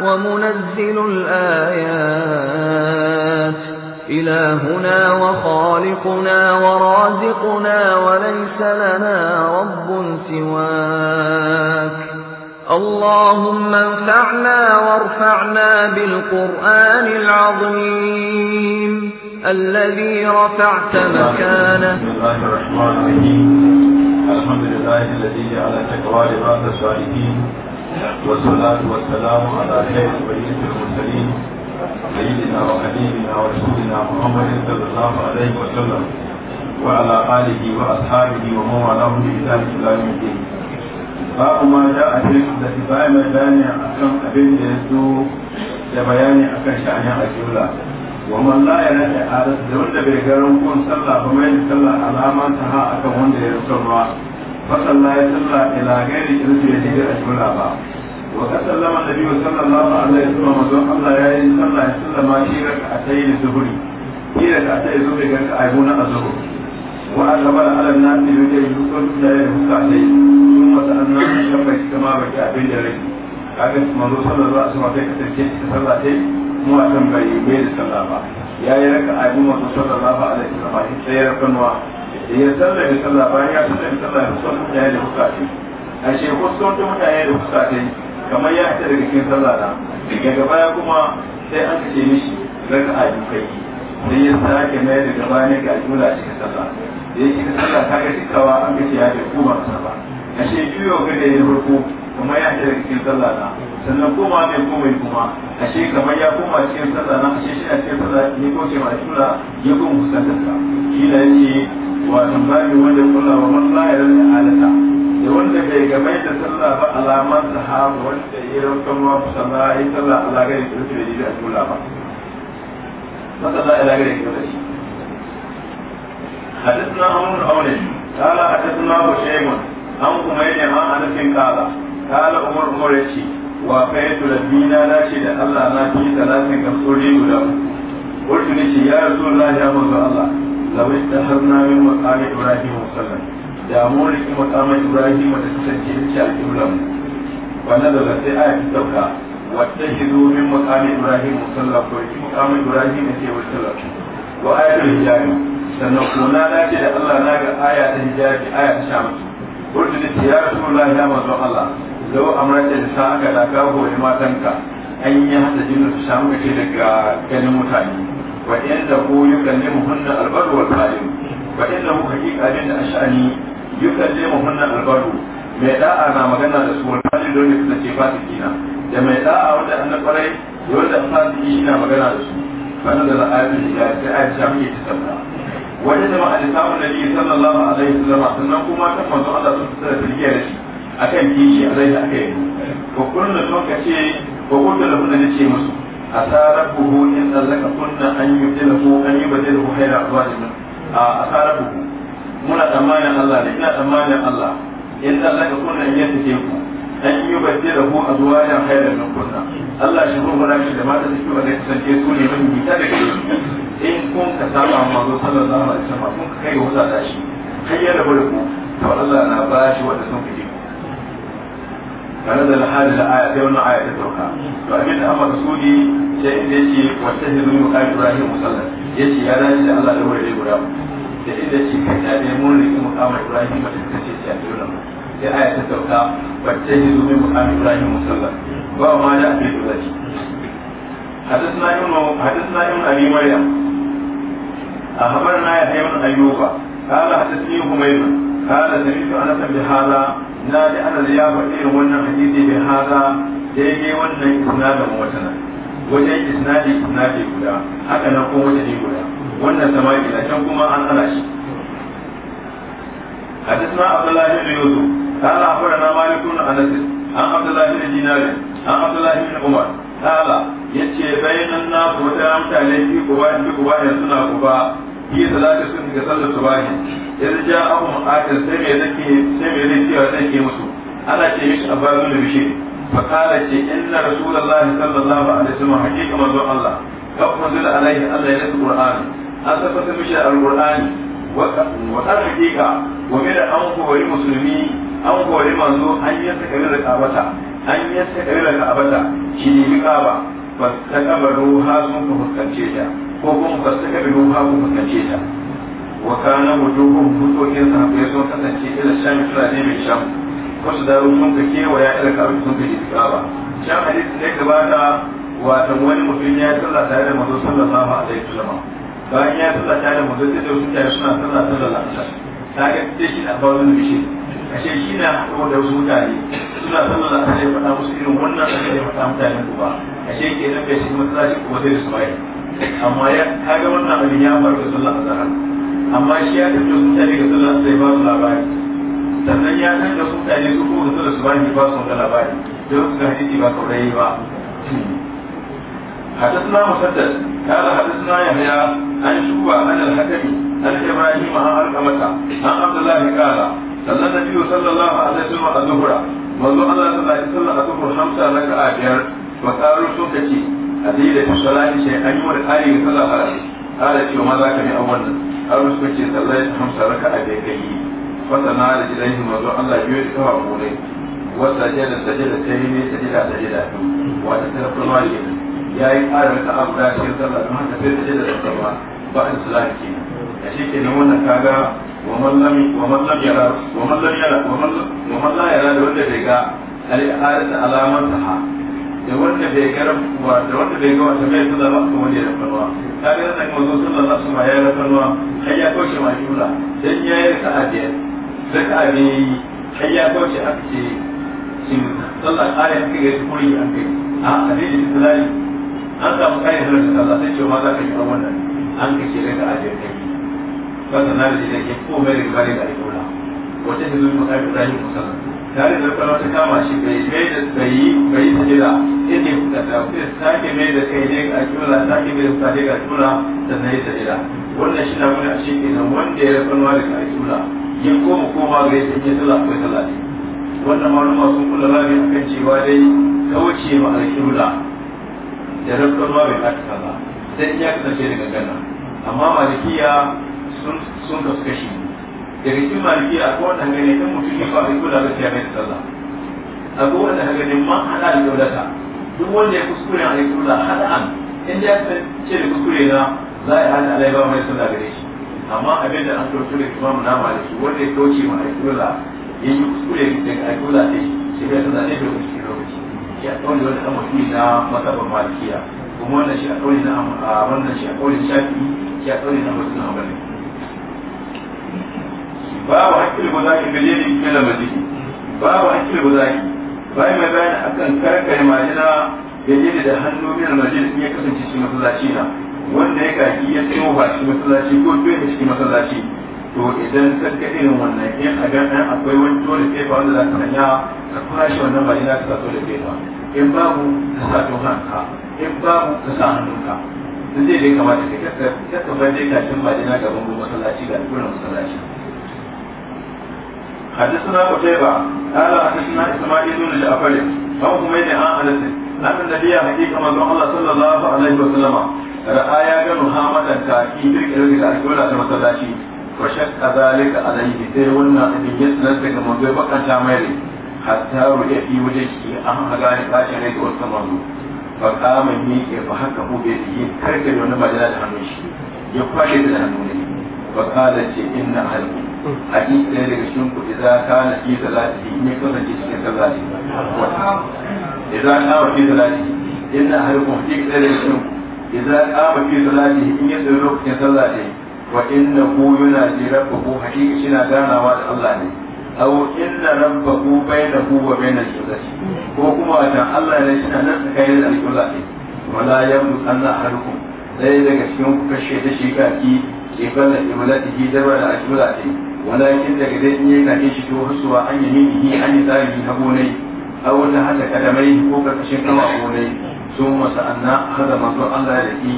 ومنزل الآيات إلهنا وخالقنا ورازقنا وليس لنا رب سواك اللهم انفعنا وارفعنا بالقرآن العظيم الذي رفعت مكانه بسم الله الرحمن الرحيم الحمد لله الذي جعل تكرار بعد الصالحين والصلاة والسلام على خير بيت المرسلين سيدنا وحبيبنا ورسولنا محمد صلى الله عليه وسلم وعلى آله وأصحابه ومن والاه بإحسان إلى يوم الدين باب ما جاء في الاتباع مجاني أكرم أبن يسوع لبيان أكرم شأن الجملة ومن لا يرد إعادة دون بيقرن كون صلى فمن صلى على ما انتهى أكرم وندي رسول الله فصلى يصلى إلى غير جلوس يجيب أشمل أبا وقد سلم النبي صلى الله عليه وسلم مزوح الله يا يصلى يصلى ما شي ركعتي الظهر في ركعتي الظهر كأيبون الظهر وأقبل على الناس يجي يقول لا يهوك عليه ثم تأنى شبك كما بكى بين يديه kaga manzo sallallahu alaihi wasallam sai kasance ta sallah sai mu a kan bai bai da sallah ba yayi raka'a goma sallallahu alaihi wasallam sai ya rakanwa ya da sallah bayan ya sallame sallah ya kusanto mutane da fuska ce a ce kusanto mutane da fuska ce kamar ya fita daga cikin sallah da daga baya kuma sai an ce mishi raka a dukai da ya sake mai da gaba ne ga jula cikin sallah da yake da sallah ta ga cikawa an ga ce ya ce kuma sallah a ce biyu ga da ya farko kamar ya fita daga cikin sallah da. sannan koma mai koma kuma koma ashe kamar ya koma cikin sallah na ashe shi a cikin sallah ya ce ma tura ya koma musanta ka shi da yake wa tambari wanda kula wa man la ya alata da wanda bai gabai da sallah ba alaman sahaba wanda ya rauka ma sallah ya sallah ala gari da rufe da a tura ba masallah ala gari da rufe حدثنا عمرو بن عون قال حدثنا بشيم عن حميد عن انس قال قال عمر عمر يشي wa kayatu rabbina na ce da Allah na fi talatin kamsori guda wurtu ne ce ya rasu na ya manzo Allah lawai da har na min maqami Ibrahim sallallahu da mu riki maqami Ibrahim da kasance ce a kiblan wannan da sai aya ta dauka wata hizo min maqami Ibrahim sallallahu ko riki maqami Ibrahim ne ce wata wa ayatul hijabi sannan kuna na ce da Allah na ga aya ta hijabi aya ta shamsu wurtu ne ce ya rasu na ya manzo Allah lau da ta sa aka daga hori matanka an yi hada jini su samu kace daga ganin mutane wa da ku yi yukallimu hunna albaru wal qalim wa da ku hakika bin ashani yukallimu hunna albaru mai da'a na magana da su wani hali dole su ce ba kina da mai da'a wanda an na kwarai dole fasiki na magana da su wannan da la'ayatu da ta aisha muke ci sabba wani jama'a da samun nabi sallallahu alaihi wasallam sannan kuma ta manzo Allah sun tsara tilgiya da shi akan kishi a zai da aka yi ko kunna sun ka ce ko kunna da kunna ce musu asarar buhu in tsallaka kunna an yi bada ku an yi bada ku haira zuwa da a asarar buhu muna tsammanin Allah da ina tsammanin Allah in tsallaka kunna in yadda ke ku an yi bada ku a zuwa da haira nan kunna Allah shi ko mura shi da mata da shi wanda kasance su ne mun ta da kai in kun ka saba manzo sallallahu alaihi wasallam kun kai wata da shi hayyar da ku to Allah na ba shi wanda sun fi فنزل هذه الآية في wannan aya ta sauka to abin da amma sudi sai inda yace wattahidu min qawli ibrahim musalla yace ya dace da Allah da wurin guda da inda yace ka tabe ne mu kama ibrahim da kace ce a dole sai ibrahim musalla ba ma da abin حدثنا ابن حدثنا ابن ابي مريم اخبرنا يحيى بن قال حدثني حميد قال سمعت انس بهذا na ji an ya faɗi irin wannan hadisi bai haza daidai wannan isnadin watana wajen isnadi isnadi guda haka nan ko wata ne guda wannan sama ke na can kuma an ana shi hadis na abdullahi bin yusuf qala akhbarana malik bin anas an abdullahi bin dinar an abdullahi bin umar qala yace bayanan na wata mutane ki kuba ki kuba yanzu na kuba yi salatu sun ga su subahi yanzu ja ahun akan sai me zake sai me zai cewa zai ke musu ana ce mishi abadu da bishir fa kala ce inna rasulullahi sallallahu alaihi wasallam hakika manzon Allah kaf manzon alaihi Allah ya nasu qur'ani an tabbata mishi alqur'ani wa kan hakika wa min an kowari musulmi an kowari manzo an yi sakarin da kabata an yi sakarin da kabata shi ne kaba ba ta kabaru ha sun fuskance ta ko kuma ba su kabe ruwa ko ce ta wa kana wujuhum fusokin sahabbai sun kasance ila shami fulani mai sham su daru sun ka kewaya ila karu sun ka iskaba shan hadisi ne gabata watan wani mutum ya tsalla tare da mazo sallallahu alaihi wasallam bayan ya sallah tare da mazo sai da wasu tare suna sallah sallallahu alaihi wasallam sai shi na bawo da shi ashe shi na haɗuwa da wasu mutane suna sallallahu alaihi wasallam faɗa irin wannan da ya faɗa mutanen ku ba ashe kenan bai shi matsala ko kuma su amma ya kaga wannan abin ya faru da a azhar amma shi ya tafi sun tare ga sallah sai ba su labari sannan ya san da sun tare su kuma sallar su bani ba su da labari don su hadisi ba saurayi ba حدثنا مسدد قال حدثنا يحيى عن شوبة عن الحكم عن إبراهيم عن أرقمة عن عبد الله قال صلى النبي صلى الله عليه وسلم الظهر منذ الله صلى الله عليه وسلم الظهر خمسة لك آخر وقالوا سنتكي a da salati shi an yi wani ƙari ga sallah fara ala cewa ma za ka ne a wannan har wasu kace sallah ya hamsa raka a bai kai wata na da gidan shi mazo Allah biyo da kawo mu ne wata jada sajada sai ne sajada sajada wata tarfa ma ne ya yi ƙara raka abu da shi sallah don haka sai sajada sallah ba in salati kenan a shi kenan wannan kaga da wanda bai ga al'adata alamar ta da wanda bai ga rafuwa da wanda bai ga wata mai sallah ba kuma wanda ya rafarwa ta ga zan kuma zo sallah na su ma ya rafarwa har ya kauce ma jula dan ya yi raka'a biyar raka'a ne har ya kauce a ce shin sallah kare aka ga kuri an kai a hadisi sallah an samu kayan sallah sallah sai ce ma za ka yi wannan an kace raka'a biyar kai ba sanar da yake ko mai riga da jula wata hizo mu kai Ibrahim sallallahu tare da kuma ta kama shi bai mai da bai yi sujada sai ne kuka ta sake mai da kai ne a kula sake mai da kai ga kula na yi sujada wannan shi na a shi kenan wanda ya rafa da kai kula yin koma koma ga yi sanya sallah akwai sallah ne wannan malama sun kula rami kan cewa dai kauce ma alkibla da rafa nwa bai kata sallah sai ya kasance daga gana amma malikiya sun kasu kashi daga cikin maliki a kowane hangane kan mutum ya ba mai kula ba ta mai sallah a kowane ne man hada da daulata duk wanda ya kuskure a kula hada an in ya ce da kuskure na za a hada alai ba mai sallah gare shi amma abin da an kauce da imam na maliki wanda ya kauce ma ai kula ya yi kuskure daga ai kula ne shi bai sallah ne bai kuskure lokaci shi a kawai wani amfani na masabar malikiya kuma wannan shi a kawai na wannan shi a kawai shafi'i shi a kawai na mutum na hamdani babu hakkin guzaki gare ni ke da maji babu hakkin guzaki bayan mai bayani akan karkare majina ya yadda da hannu bin majina in ya kasance shi masallaci na wanda ya kaki ya tsimo ba shi masallaci ko to ya shi masallaci to idan karka irin wannan in a ga dan akwai wani dole sai fa wanda za ka manya ka fara shi wannan majina ka so da kefa in babu ka sa to hanka in babu ka sa hannunka sun zai dai kamata ka kasa bai dai kashin majina gaban masallaci ga gurin masallaci حدثنا قتيبة قال حدثنا إسماعيل بن جعفر أو حميد عن أنس أن النبي حقيقة من الله صلى الله عليه وسلم رأى يا محمد تاكي بالكلمة الأولى كما تلاشي وشك ذلك عليه سيولنا أن يسلسك منذ بقى شامري حتى رؤية في وجهه أهم هذا يقاشي عليك والسمرون فقام يميك فحكه بيده ترك لنا مجال الحميش يقاشي بالحنون فقالت إن أهلكم hadisi ɗaya daga cikin ku idza kana fi salati ne kuma ji cikin salati idza kana fi salati inna ahadukum fi salati idza qama fi salati in ya tsaya lokacin salati wa inna hu yunaji rabbahu hakiki shina ganawa da Allah ne aw inna rabbahu bainahu wa bainal qiblati ko kuma dan Allah ne shina nan tsakanin al-qiblati wala yamdu anna ahadukum dai daga cikin ku kashe da shi kaki ke balla imalatihi da wala akibulati walakin daga dai in yayi kake shi to hasuwa an yi ni hi an yi zalimi ta gonai a wata hata kadamai ko karkashin kama gonai sun masa anna hada manzo Allah ya daki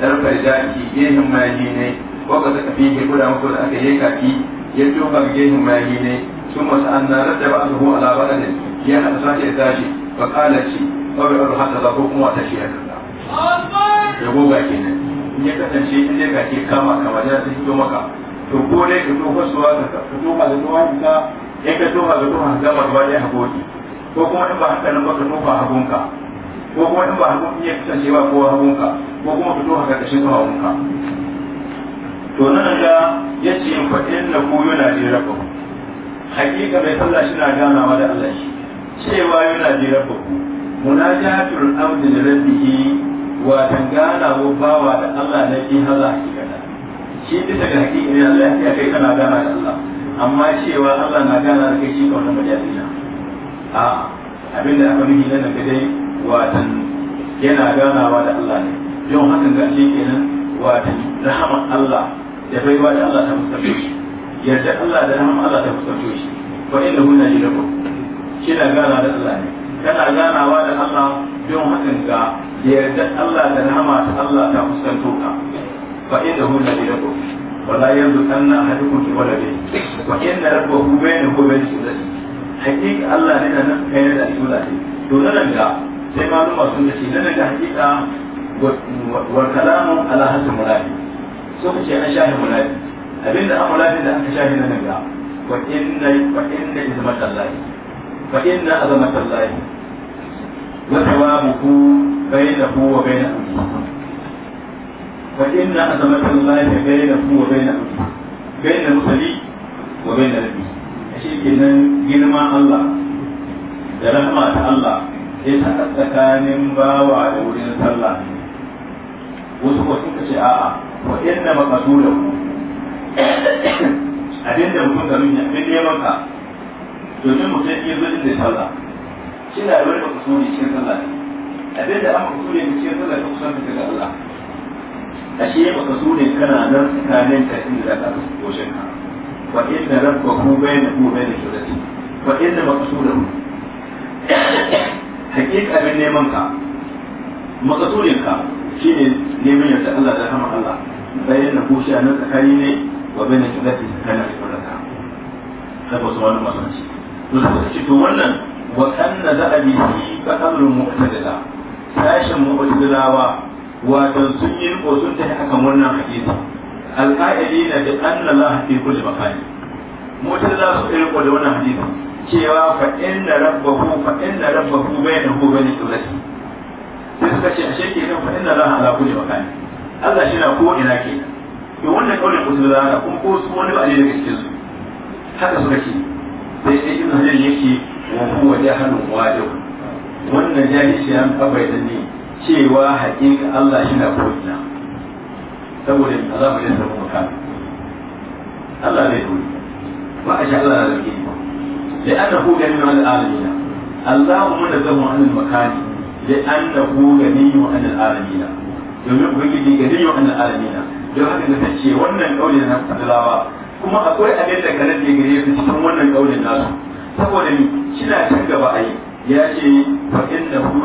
darfar jaki gehen maji ne waka ta kafi ke guda muku da aka yi kaki ya toka gehen maji ne sun masa anna radda ba zuhu ala baladin ya hada sake ko kuma in in kama maka to ko dai ka tofa suwa ka tofa da ruwa ka in ka tofa da ruwa ka gama ruwa ya hagoki ko kuma in ba hankalin ba ka tofa hagunka ko kuma in ba hagun ya kasance ba ko hagunka ko kuma ka tofa karkashin zuwa hagunka to nan ga ya ce fa inna ku yana ji rabbahu hakika mai sallah shi na ganawa da Allah shi cewa yana ji rabbahu munajatul abdi li rabbihi wa tangana wa bawa da Allah na fi hala shi bisa daga haƙi ne Allah ya kai kana gana da Allah amma cewa Allah na gana da kai shi kawai da na. a abinda aka nuhi nan da dai watan yana ganawa da Allah ne yau hakan ga shi kenan watan rahama Allah da bai da Allah ta fuskanto shi yarda Allah da rahama Allah ta fuskanto shi inda inna hu na ku shi na gana da Allah ne kana ganawa da Allah yau hakan ga yadda Allah da rahama ta Allah ta fuskanto ka فإنه لديكم ولا يملك أن أحدكم في ولده وإن ربه بينه وبين سولته حقيقة الله لنا كان لنا سولته دون نجا زي ما نما سنتي لنا حقيقة والكلام على حسب ملاهي سوف شيء أنا شاهد ملاهي أبين أنا ملاهي إذا أنا شاهد لنا نجا وإن وإن عظمة الله فإن عظمة الله وثوابه بينه وبين أبيه فإن عظمة الله بينكم وبين بين المرسلين وبين النبي shi kenan girman Allah da rahama ta Allah sai ta tsakanin bawa da wurin sallah wasu ko ce a'a wa inna maqasuda ku abin da mutum ga minya abin da maka domin mutum ya zo inda sallah shi na wani maqasudi cikin sallah abin da aka kusuri cikin sallah ta kusan ta ga Allah ashe ba ka so ne kana nan tsakanin ka inda za ka rufe wajen ka wa inda nan ba ku bai da ku bai da shirati wa inda ba ka so da hakika abin neman ka makasurin ka ne neman yadda Allah da rahama Allah bayan na kushi a nan tsakani ne wa bai da shirati tsakanin ka da ka saboda su wani masu ci to saboda ci to wannan wa kanna za a bihi ka amrun mu'tadila sashen mu'tadilawa wato sun yi riko sun tafi akan wannan hadisi alƙa'ili na da anna la fi kulli makani mutum za su yi riko da wannan hadisi cewa fa inna rabbahu fa inna rabbahu hu bani dulati sai suka ce ashe nan fa inna la ala kulli makani Allah shi na ko ina ke to wannan kaulin usul da kuma ko su wani ba ne daga cikin su haka suka ce sai sai ibn hajar yake wa huwa jahannu wajib wannan jahilci shi an abai da ne cewa haƙiƙa Allah shi na ko'ina saboda za mu bai samu makami Allah zai koyi ba a sha Allah na ke ba da an da koga ne wani alamina Allah mu da zama wani makami da an da koga ne wani alamina domin ubangiji ga ne wani alamina don haka na ce wannan ƙauye na Abdullawa kuma akwai abin da kanar da gare su cikin wannan ƙauyen nasu saboda ni shi na can gaba a yi ya ce fa inda hu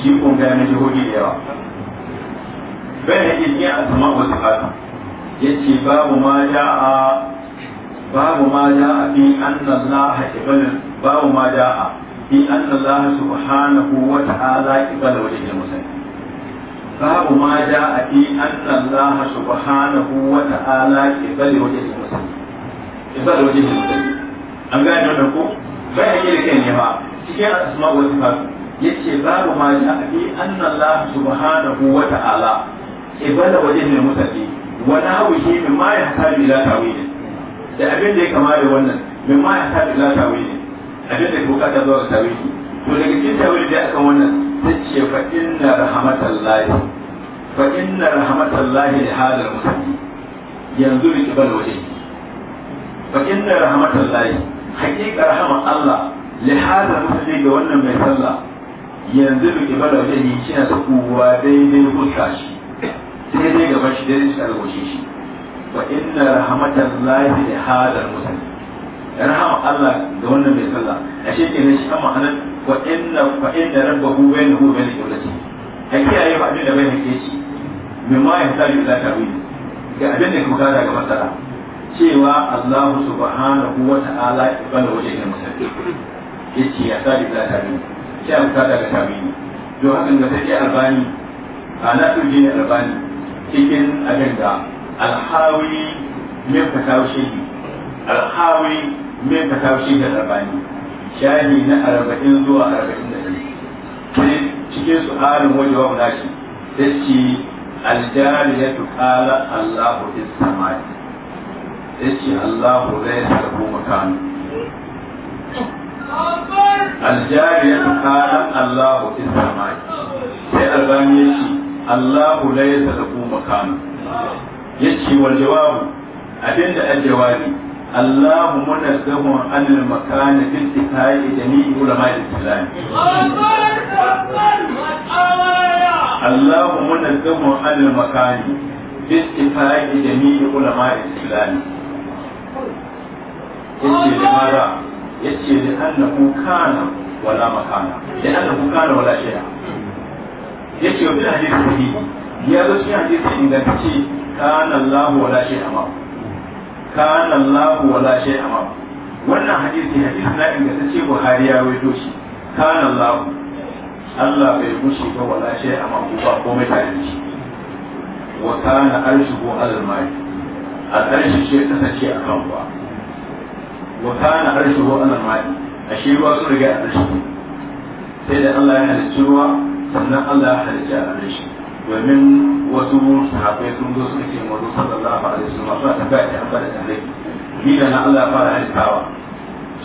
shi kun ga na jihohi da yawa bai da ilmi a sama wa sifatu ce babu ma ja'a babu ma ja'a fi anna Allah ibal babu ma ja'a fi anna Allah subhanahu wa ta'ala ibal wajhil muslimin babu ma ja'a fi anna Allah subhanahu wa ta'ala ibal wajhil muslimin ibal wajhil muslimin an gane wannan ko bai da ilmi ne ba cikin asma'u wa sifatu yace babu ma ja bi anna Allah subhanahu wa ta'ala ibada wajen ne mutaki wa nawihi mimma yahtaju ila tawilin da abin da ya kama da wannan mimma yahtaju ila tawilin abin da ya bukata zuwa ga tawili to daga cikin tawili da akan wannan ta ce fa inna rahmatallahi fa inna rahmatallahi li hadal mutaki yanzu bi ibada wajen fa inna rahmatallahi hakika rahama Allah li hadal mutaki ga wannan mai sallah yanzu da ke bada wajen yi cina ta kuwa daidai hulka shi sai dai gaba shi daidai shi alwashe shi wa inna rahmatan lahi da hadar musulmi rahama Allah ga wannan mai sallah a shi ke ne shi kama anan wa inna wa inna rabbahu bainahu wa bainal qiblati a kiyaye ba abin da bai hake shi min ma ya tsari ila tawili ga abin da kuka da ga masala cewa Allah subhanahu wa ta'ala ibana wajen musulmi yace ya tsari ila tawili sai a daga ga ne. don hakan ga take albani a na ɗauke ne albani cikin abin da alhawi min fatawa shehi alhawi min fatawa shehi albani shahi na arba'in zuwa arba'in da ɗari cikin su harin wajewa guda shi ta ce aljariyatu qala allahu fis samai ta ce allahu zai lahu makan الجارية قال الله في السماء sai albani ya ce Allahu la ya sadaku makamu ya ce wal jawabu abinda al jawabi Allahu munazzahun anil makana bil tikai jami'i ulama al-islam Allahu munazzahun anil makani bil tikai jami'i ulama al-islam yace da mara yace li annahu kana wala makana li annahu kana wala shay'a yace wa bil hadith sahihi ya zo cikin hadisi ingantacce kana Allah wala shay'a ma kana Allah wala shay'a ma wannan hadisi hadisi na ingantacce Buhari ya wato shi kana Allah Allah bai gushi ba wala shay'a ma ba komai ta yi shi wa kana arshuhu al-mai al-arshi shi kasance akan ba wa kana harshe ruwa ana mai a shi ruwa su a harshe sai da Allah ya halicci ruwa sannan Allah ya halicci a harshe domin wasu sahabbai sun zo suka ce mazu sallallahu alaihi wasallam suna tafiya da ambata da rai ni da na Allah fara halittawa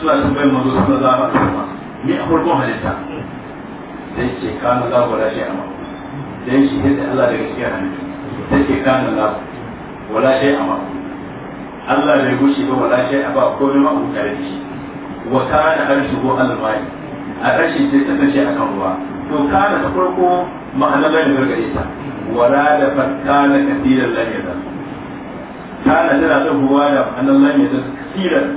suna tafiya mazu sallallahu alaihi wasallam ni a farkon halitta sai ce kana za ku lashe a mako shi Allah daga cikin sai wala a Allah bai gushe ba wala a ba ne ma mun kare da shi wa kana arshuhu al-mai rashin sai ta kace kan ruwa to kana ta farko ma'anar da gargare ta wala da fakkana kathiran lan yada kana tana da ruwa da ma'anar lan yada kathiran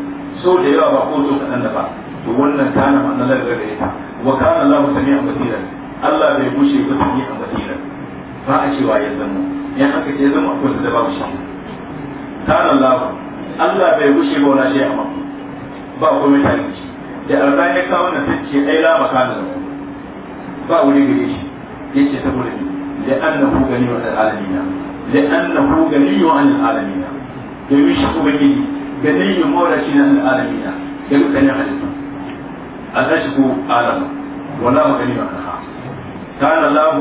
so da yawa ba ko ka kadan da ba to wannan kana ma'anar da gargare ta wa kana Allahu sami'an basiran Allah bai gushe ba sami'an basiran ba a cewa ya zama in aka ce ya zama akwai da babu shi kana Allah Allah bai wuce ba wala shi amma ba komai ta shi da albani ya kawo na tace ai la makana ba wuri gare shi yace saboda ni la'annahu ganiyun al-alamin la'annahu ganiyun al-alamin domin shi ubangiji ganiyun mawlaci na al-alamin da dukkanin halitta Allah shi ko alama wala maganiyun al-ha kana Allah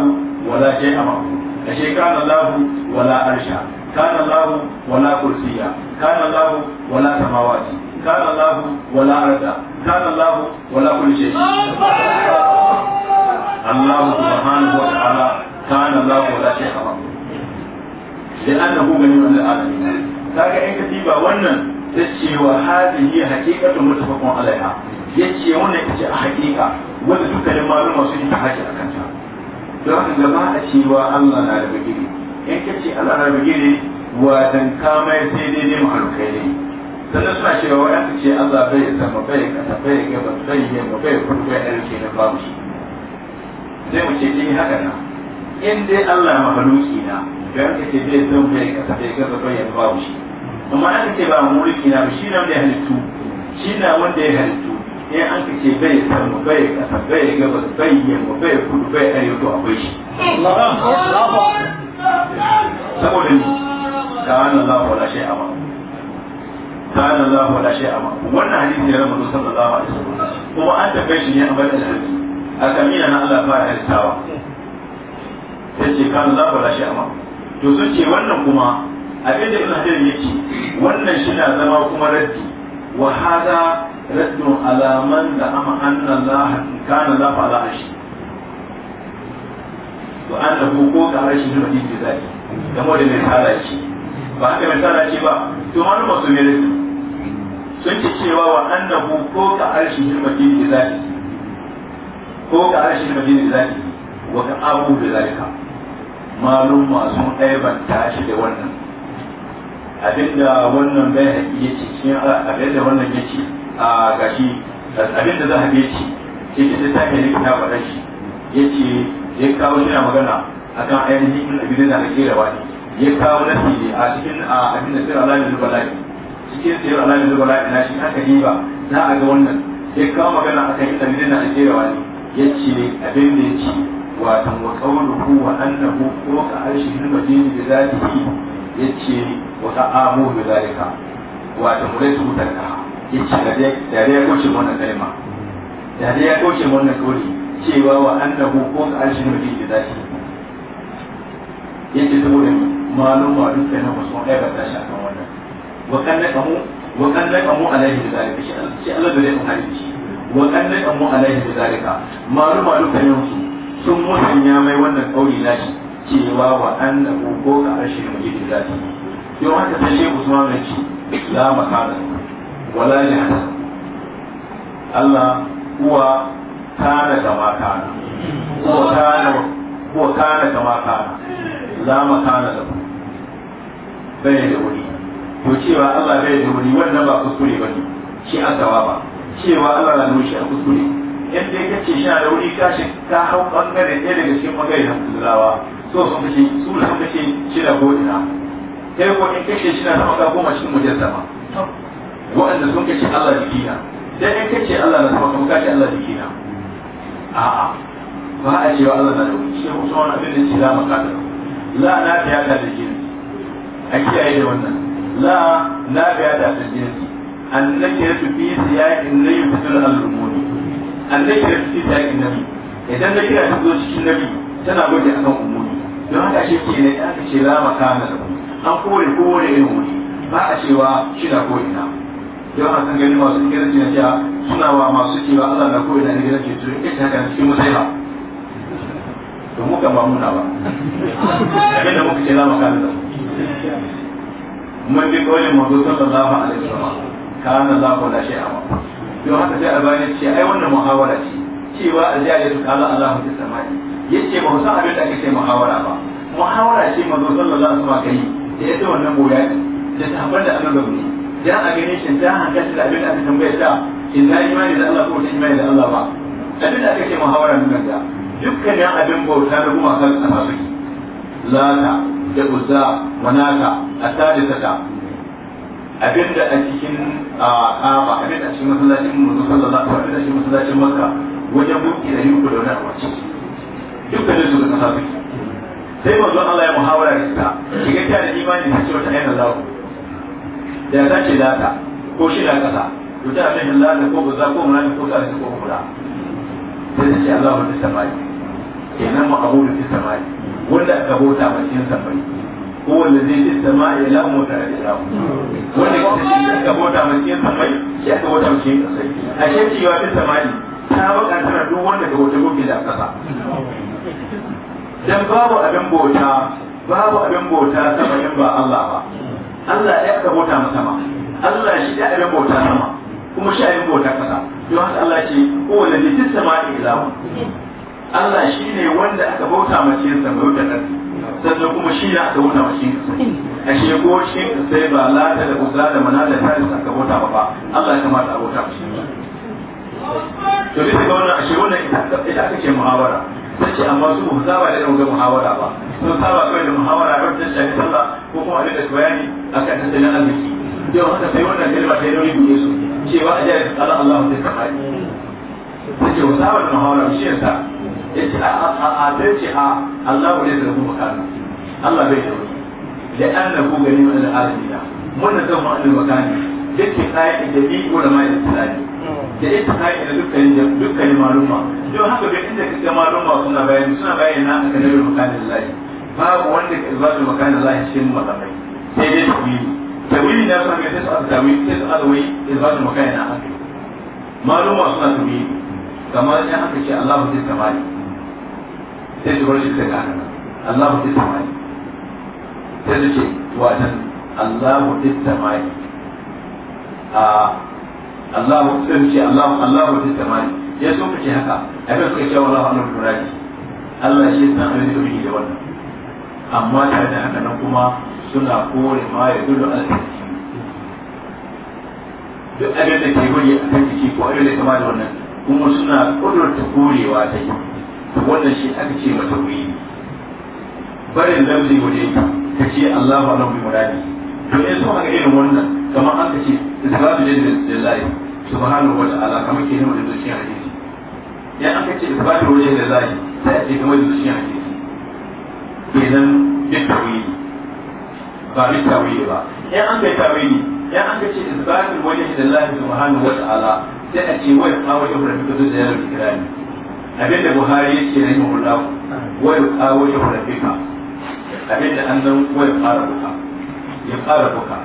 wala shay'a ma'hu ashe kana Allah wala arsha kana Allahu wala kursiya kana Allahu wala samawati kana Allahu wala arda kana Allahu wala kulli shay Allah subhanahu wa ta'ala kana wala لأنه غني عن العالمين kaga in ka diba wannan ta ce wa hadhihi haqiqatu muttafaqun alaiha yace wannan ita a haqiqa wanda dukkanin malama su yi ta haƙi akan ta a cewa Allah na da bagiri in ka ce Allah na buge ne watan kamar sai daidai mahalukai ne sannan suna cewa wa'anda ce Allah bai sama bai kasa bai gaba bai yamma bai kudu bai arziki na babu shi sai mu ce in haka na in dai Allah mahaluki na ga yanka ce bai zan bai kasa bai gaba bai yi babu shi amma aka ce ba mulki na shi na wanda ya halittu shi na wanda ya halittu in an ka ce bai sama bai kasa bai gaba bai yamma bai kudu bai arewa to akwai shi saboda ni ta'ala Allah wala shay'a ma ta'ala Allah wala shay'a ma wannan hadisi ya rubuta sallallahu alaihi wasallam kuma an tafi shi ne a bayan hadisi a kamina na Allah fa ya risawa ce kan Allah wala shay'a ma to sun ce wannan kuma abin da ibn hajar yake wannan shi na zama kuma raddi wa hada raddun alaman da amma anna Allah kana Allah ala ashi an da ko ka harshe ne da ke zaki kamar da mai tsara ce ba haka mai tsara ce ba to wani masu mere sun ce cewa wa da ko ka rashin ne hadisi ke zaki ko ka rashin ne hadisi ke zaki wa ka abu da ka malum masu aibanta shi da wannan abinda wannan bai haƙi ya ce cikin abinda wannan ya ce a gashi abinda za a bai ce cikin littafin da ta faɗa shi ya ce ya kawo shi na magana akan ainihin abin da na kera wani ya kawo nasi ne a cikin abin da sirra alamin laifi cikin sirra alamin laifi na shi ne diba za a ga wannan ya kawo magana akan yin abin da na kera wani ya ce abin da ya ce watan wa qawluhu wa annahu fawqa arshihil majid bi zatihi wata wa ta'amu bi zalika Watan mulai su mutanka Ya ce da dai ya kwace wannan kalma da dai ya kauce wannan kori cewa wa annahu ko ka arshi mulki da zaki yace saboda malum ba duk kana ba sun aibata shi akan wannan wa kannaqamu wa kannaqamu alaihi da zalika shi Allah da zai kare shi wa kannaqamu alaihi da zalika malum ba duk kana su sun musanya mai wannan kauli na shi cewa wa annahu ko ka arshi mulki da zaki yau haka sai shi Usman ne ci la makana wala jahannam Allah kuwa kana kama kana ko kana ko kana kama kana za mu kana da bai da wuri to cewa Allah bai da wuri wannan ba kuskure ba ne shi an ba cewa Allah na nushi a kuskure in dai ka ce shi da wuri ka shi ka hau bangare ɗaya daga cikin bangare na musulmawa so sun kace su sun kace shi da godina sai ko in kace shi na maka ka goma cikin mujassama waɗanda sun kace Allah jikina sai in kace Allah na sama ka kace Allah jikina a'a ba a yi Allah na da wuri shi mutum wani abin da ce la makadar la na ta da da jinsi a kiyaye da wannan la na biya da da jinsi annake ya tafi siyakin na yi fitar al'ummomi annake ya tafi siyakin nabi idan na kira ta zo cikin nabi tana gode akan ummomi don haka shi ke ne aka ce la makadar an kore kore irin wuri ba a cewa shi na ko ina yawan a kan gani masu kiran jinkiya suna wa masu cewa Allah na koyi na gidan ke turu ita haka cikin ba. to mu kan ba muna ba abin da muka ce za mu kare da mun bi kawai manzo sallallahu alaihi wasallam kana za ku da shay'a ba don haka sai albani ce ai wannan muhawara ce cewa ya kala Allah ta samani yace ba san abin da ake ce muhawara ba muhawara ce manzo sallallahu alaihi wasallam kai da yace wannan boya da ta habar da annabawa za a gani shin ta hankalta da abin da aka tambaya ta shin ta imani da Allah ko ta imani da Allah ba abin da aka ce muhawara nan da dukkanin abin bauta na gumaka da sama suke lata da uzza manata asalisata abin da a cikin kaba abin da a cikin masallacin mutum sallallahu alaihi wasallam cikin masallacin makka wajen buki da yuku da wani a abaci dukkanin su da kasa suke sai manzon Allah ya muhawara da ita shiga ta da imani ta ce wata ayyana zaku da ta ce lata ko shi na kasa to ta ce lata ko ba za ko mun ko ta ko kula sai ta Allah Allahu fi samai kenan mu abu da fi samai wanda aka bota ba cikin samai ko wanda zai fi samai la mu ta da wanda ke cikin aka bota ba cikin samai ya aka bauta ba cikin kasai a shi cewa fi samai ta tana duk wanda ka bota ko da kasa dan babu abin bota, babu abin bota sama ba Allah ba Allah ya ka bauta masa ba Allah shi ya abin bauta sama kuma shi ya bauta kasa don haka Allah ce ko ne litin sama ke ilahu Allah shi ne wanda aka bauta mace sama yau da ƙarfi sannan kuma shi ne aka bauta mace a shi ko shi sai ba lata da kusa da mana da taris aka bauta ba ba Allah ya kamata a bauta mace to dai ga wannan ashe wannan ita aka ce muhawara sai ce amma su ba saba da irin muhawara ba sun saba kai da muhawara don ta shafi ko kuma abin da su bayani a kan tattalin arziki yau haka sai wannan kalma ta yi nauyi gure su cewa a jari tsara Allah zai ka faɗi take wa sabar da mahawara shi yasa ya ce a adalci a Allah wa zai rabu makana Allah bai da wani da an rabu gani wa al'adina wannan zan ma'anin makani yake kayan da bi ko da ma'anin tsari da ita ta yi da dukkanin dukkanin maluma don haka bai inda kaga maluma suna bayani suna bayani na aka nabi makanin lahi babu wanda ke zuwa da makanin Allah cikin malamai sai dai tawili tawili na sun sai su tawili sai su alwai zuwa da makanin na haka maluma suna tawili kamar in aka ce Allah zai samani sai su bar shi daga haka Allah zai sai su ce watan Allah zai samani a Allah sai ce Allah Allah zai samani ya sun fice haka abin suka ce wallahu annabi Allah shi san abin da kake da wannan amma da da haka nan kuma suna kore ma ya dole a tsaki duk abin da ke gwaje a kan jiki ko abin da kama da wannan kuma suna kudurta korewa ta yi wannan shi aka ce mata wuri barin lamzi waje ka ce Allah ba nan muradi to in sun haka irin wannan kamar an ka ce isbatu lillahi subhanahu wa ta'ala kamar ke nan wajen zuciyar hadisi ya an ka ce da lillahi sai a ce kamar zuciyar hadisi kenan duk tawili ba duk tawili ba yan an kai tawili yan an kace isbatin wajhi lillahi subhanahu wa ta'ala sai a ce wai qawa ibrahim da zuwa yaron ikrami abin da buhari yake rahimu allah wai qawa ibrahim abin da an zan wai fara buka ya qara buka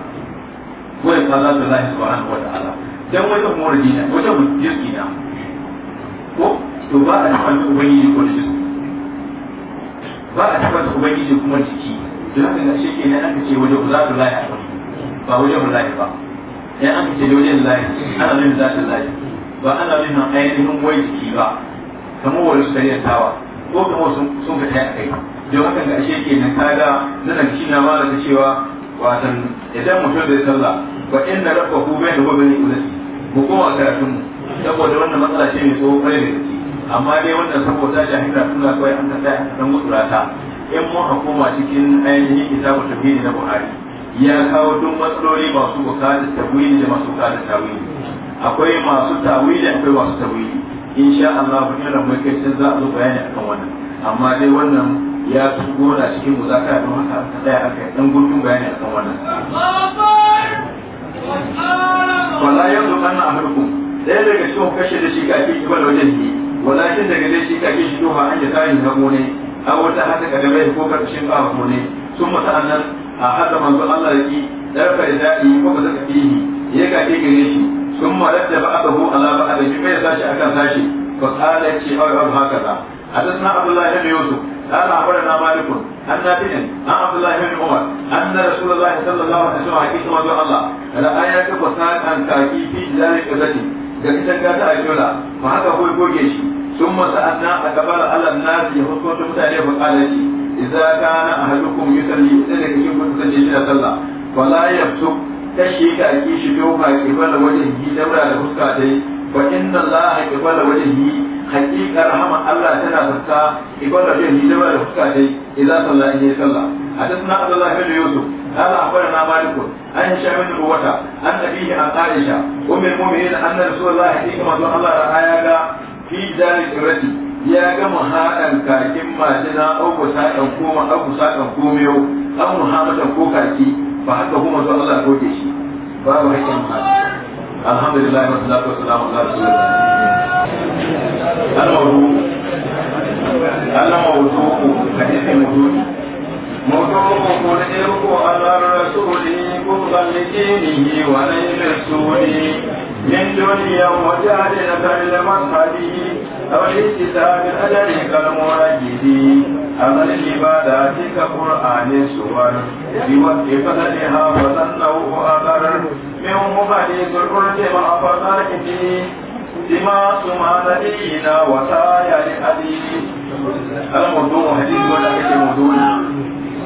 wai qala lillahi subhanahu wa ta'ala dan wata murjina wata mujjina ko to ba a san ubangiji ko da ba a tabbata ubangiji kuma ciki don haka na ne an aka ce wajen za su layi ba wajen layi ba ya an ce da wajen layi ana nuna za su layi ba ana nuna ainihin wai jiki ba kamar wani su kariyar tawa ko kamar sun fita a kai don haka da ashe kenan kaga nan shi na mara ta cewa watan idan mutum bai sallah wa inna rabbahu gobe wa bayna ulati mu koma a karatunmu saboda wannan matsala ce mai tsohon kwarai da gaske amma dai wannan saboda jahilta tun da kawai an ta tsaya dan mutulata in mun hukuma cikin ainihin kitabu tauhidi na Buhari ya kawo duk matsaloli masu bukatar tawili da masu bukatar tawili akwai masu tawili akwai masu tawili insha Allah mun yana mai kai za a zo bayani akan wannan amma dai wannan ya tugo da cikin muzakara don haka ta tsaya aka dan gurgun bayani akan wannan wallahi yanzu kana ahadukum dai daga cikin kashe da shi ka fi kibar wajen yi ولكن daga dai shi kake shi doha an ya tayin gamo ne an wata haka ka game ko karshen kafu ne sun mata annan a hada manzo Allah ya ki darfa da dadi ko ba zaka fihi ya ka ke gare shi sun maradda ba abahu ala ba da mai sashi akan sashi fa ce حدثنا عبد الله بن يوسف قال اخبرنا مالك عن نافع عن عبد الله بن عمر ان رسول الله صلى الله عليه وسلم حكيت رضي الله رآياك فساد عن تاكيد في جلال قبلتي da ita ta ta ajola ma haka ko shi ثم سألنا أكبر على الناس يحكم تمتعني فقالتي إذا كان أهلكم يصلي ذلك يمكن تسجل إلى صلى فلا يفسق تشيك أكيش بيوما قبل وجهه دورا لفسكاته فإن الله قبل وجهه حقيقة رحمة الله تنا فسكا قبل وجهه دورا لفسكاته إذا صلى إليه صلى حدثنا عبد الله بن يوسف قال اخبرنا مالك عن هشام بن عروه عن ابيه عن عائشه ام المؤمنين ان رسول الله صلى الله عليه وسلم راى fi zalik rajul ya gama haɗan kakin majina sa koma abu sa'an komiyo an muhammadan ko kaki ba haka kuma zuwa Allah ko ke shi babu hakkin ma alhamdulillah wa salatu wa salamu ala rasulillah al-mawdu al-mawdu hadisi mawdu mawdu ko ne ko ala rasuli ko balli wa la yasuli من دنيا مجاهدة لمصحبه أو الاكتساب الأجر كالمرجد أمل العبادات كقرآن السور بوقت فضلها وظنه أبر من مخالف الأرض مع فضائله دماء ما نبينا وسايا لأبي الموضوع حديث ولا موضوع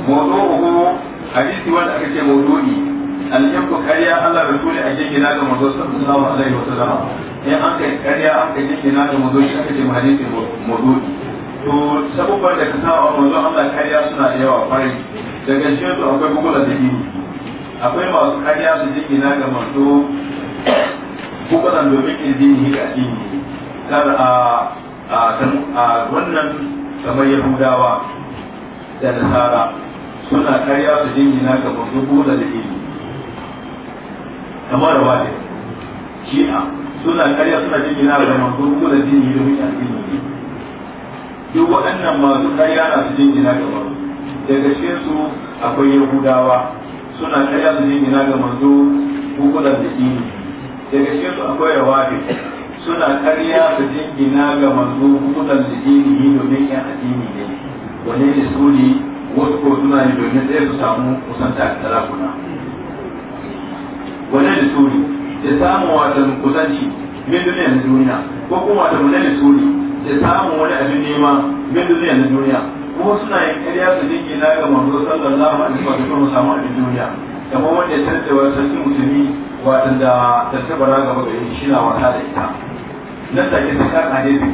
موضوعه حديث ولا موضوعي an ko kariya Allah rasuli a jingina ga manzo sallallahu alaihi wa sallam in an kai kariya an kai jingina ga mazo shi aka ce hadisi mawdu'i to sabubban da kasa wa an Allah kariya suna da yawa fari daga shi su akwai bugula da dini akwai masu kariya su jingina ga manzo da domin kirjini ga dini kar a a wannan kamar yahudawa da nasara suna kariya su jingina ga mazo bugula da dini kamar da shi a suna karya suna cikin na da masu kuma da jini da muke addini ne duk waɗannan masu karya na su jingina ga gaba daga shi su akwai yahudawa suna karya su jingina ga manzo kuma da jini daga shi su akwai rawafi suna karya su jingina ga manzo kuma da jini domin yan addini ne wani ne su ne wasu ko suna yi domin tsaye su samu kusanta a talakuna wani da suri da samun watan kusanci min duniya na duniya ko kuma wata wani da suri da samun wani abin nema min duniya na duniya ko suna yin kariya su dinki na ga manzo sallallahu alaihi wa sallam samu abin duniya kamar wanda ya tarce wa sarki musulmi watan da tartabara gaba gari shi na wata da ita nan take sai ka kare su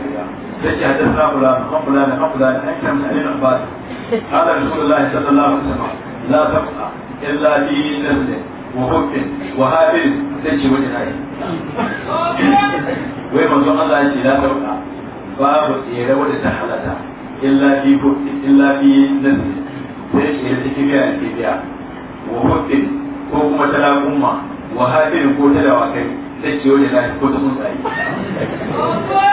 sai ki hadasa fulana kan fulana kan da an kamta ne na ba قال رسول الله صلى الله عليه وسلم لا تبقى إلا في نفسك muhammad wa habil sai ce wani nayi wai manzo Allah ya ce la dauka babu tsere wadda ta halata illa fi hukki illa fi nan sai ce ta kibiya biya kibiya biya hukki ko kuma talakumma wa habil ko talawa kai sai ce wani nayi ko ta tsuntsaye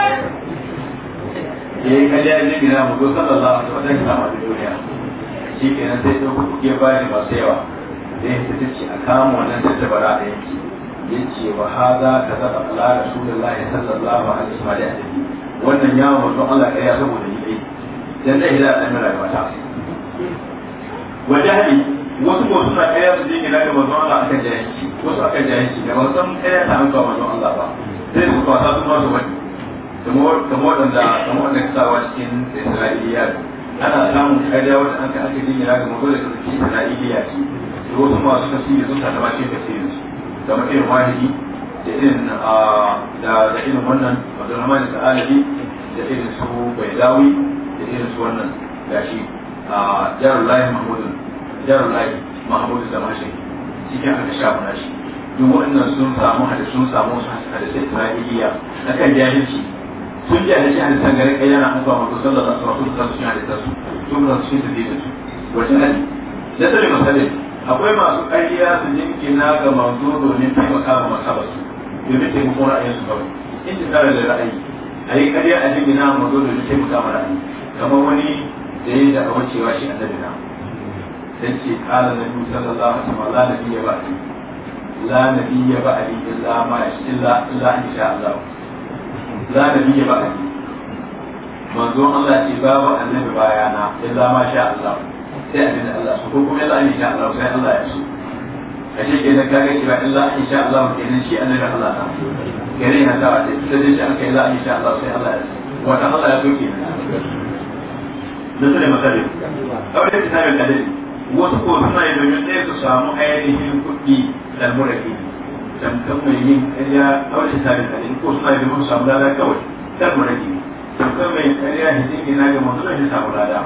ya yi kariya ya gina mu ko sallallahu alaihi wa sallam a duniya shi kenan sai ɗauko kuke bayani masu yawa sai ta ce a kama wannan ta tabara a yanki yace wa hada ka zaba ala rasulullahi sallallahu alaihi wa alihi wannan ya mutum Allah kai ya saboda ni dai dan da ila da mira ba ta haɗi wasu ko suna ɗaya su dinga da mutum Allah akan jahilci wasu akan jahilci da ba san kai ta hanka mutum Allah ba sai su kwasa su ma su wani kamar wadanda kamar wadanda kasawa cikin Isra'iliya ana samun kariya wata an ka aka dinga da mutum da kake Isra'iliya ce da wasu masu tasiri sun taɓa cikin tasirin su kamar irin wahidi da irin ah, da irin wannan abdulrahman da alibi da irin su bai dawi da irin su wannan shi a ah, jarullahi mahmudu layin mahmudu da mashi cikin aka shafa na shi duk waɗannan sun samu hada sun samu su ta isra'iliya na kan jahilci sun jahilci hadisan garin kai yana an kwamar sallar da su rasu da su cikin ta su sun rasu cikin su wajen nan da tsari masalai akwai masu ƙarya su jinkina ga manzo domin taimaka ma masaba domin taimakon ra'ayin su kawai in ji tsara da ra'ayi a yi ƙarya a jinkina ma manzo domin taimaka ma ra'ayi kamar wani da ya da awon cewa shi annabi na sai ce kala na biyu sallallahu alaihi wasallam la nabiyya ba'di la yi ba'di illa ma illa illa in sha Allah la nabiyya yi manzo Allah ce babu annabi bayana illa ma sha Allah sai abin da Allah su ko kuma la insha Allah sai Allah ya so kace ke da kage ba illa insha Allah kenan shi annabi Allah ta gare na da sai sai shi aka illa insha Allah sai Allah ya su wata Allah ya so kenan da sai masalin aure ta da kadai wasu ko suna yi domin sai su samu ainihin kuɗi da murafi tamkan mai yin ƙarya aure ta da kadai ko suna yi domin su samu lada kawai da murafi tamkan mai ƙarya hidin ina ga mutum da shi samu lada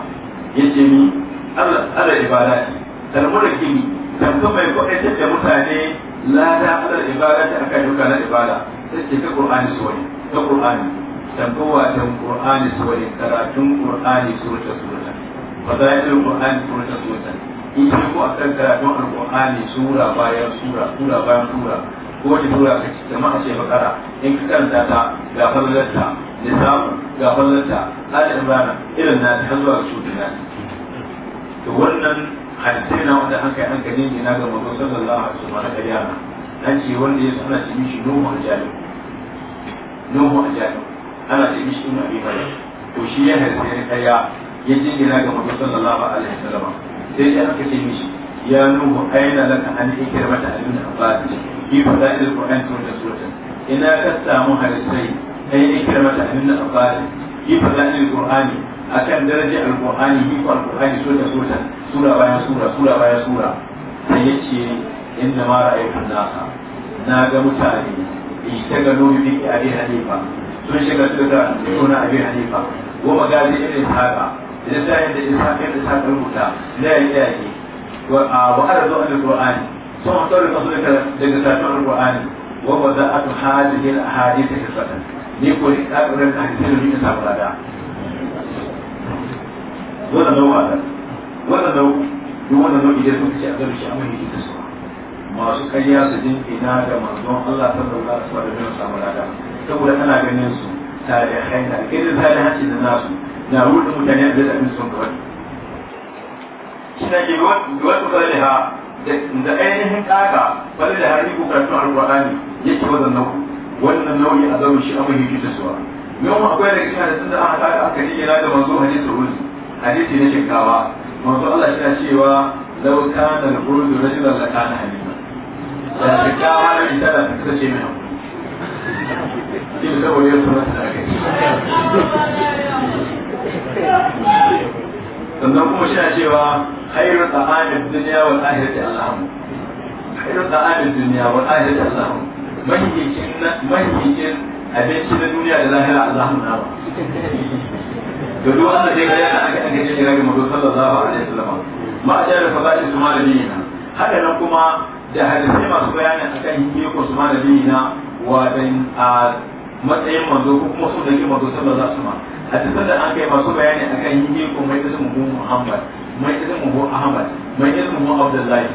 yace ni Allah ala ibadati talmurki tamkan mai kwaɗaitar da mutane lada ala ibadati akan duka na ibada sai ce ta Qur'ani suwai ta Qur'ani tamkan watan Qur'ani suwai karatun Qur'ani surata surata fadailu Qur'ani surata surata in yi ko akan karatun Al-Qur'ani sura bayan sura sura bayan sura ko wata sura ka ci jama'a ce bakara in ka karanta ta ga fallarta nisabu ga fallarta ala imrana irin na ta zuwa cutar nasi to wannan hadisai na wanda an kai an gane ne na ga manzo sallallahu alaihi wasallam na kariya an ce wanda ya suna ce mishi nuhu ajali nuhu ajali ana ce mishi ina bi mai to shi ya hadisai na kaya. ya jingina ga manzo sallallahu alaihi wasallam sai ya aka ce mishi ya nuhu aina laka an ikirmata abin abbas fi fada'il qur'an wa suratin ina ka samu hadisai ai ikirmata abin abbas fi fada'il qur'ani akan darajar alqur'ani bi alqur'ani so da sura sura bayan sura sura bayan sura sai yace inna ma ra'aytu nasa na ga mutane bi ta ga nuri bi abi hanifa sun shiga suka suna abi hanifa goma gazi irin haka da sai da isa kai da sa rubuta la yaji wa wa arzu alqur'ani sun hakar da su daga satun alqur'ani wa wada'atu hadhihi alahadith hisatan ni ko ni ka ga hadisi ne ta sabrada wannan nau'a da wannan nau'i duk wannan nau'i da suka ce a gari shi amma yake su masu karya su ina da manzon Allah sallallahu alaihi wasallam da samu lada saboda ana ganin su tare da haina irin tare hanci da nasu na rudin mutane da abin sun kawai shine ke wato kare ha da ainihin kaka wani da hari bukatu alqur'ani yake wannan nau'i wannan nau'i a zamu shi amma yake su ba yau akwai da kina da tunda aka aka yi da manzo hadisi rusul hadisi na shinkawa manzo Allah shi cewa law kana da burdu rajulan la kana halima da shinkawa da ita da ta ce mai shi da wani yau sanar da kai sannan kuma shi cewa khairu ta'amin dunya wal akhirati alhamu khairu ta'amin dunya wal akhirati alhamu mahiyyin abinci na duniya da lahira alhamu na ba to duk wanda zai ga yana aka cikin cikin rage mutu sallallahu alaihi wasallam ma a jara fada'i su ma da haka nan kuma da hadisai masu bayani akan iko su ma da biyina wadan a matsayin manzo ko kuma su da ke manzo sallallahu alaihi wasallam hadisan da an kai masu bayani akan iko mai ta ismu Muhammad mai ta ismu Ahmad mai ta ismu Abdullahi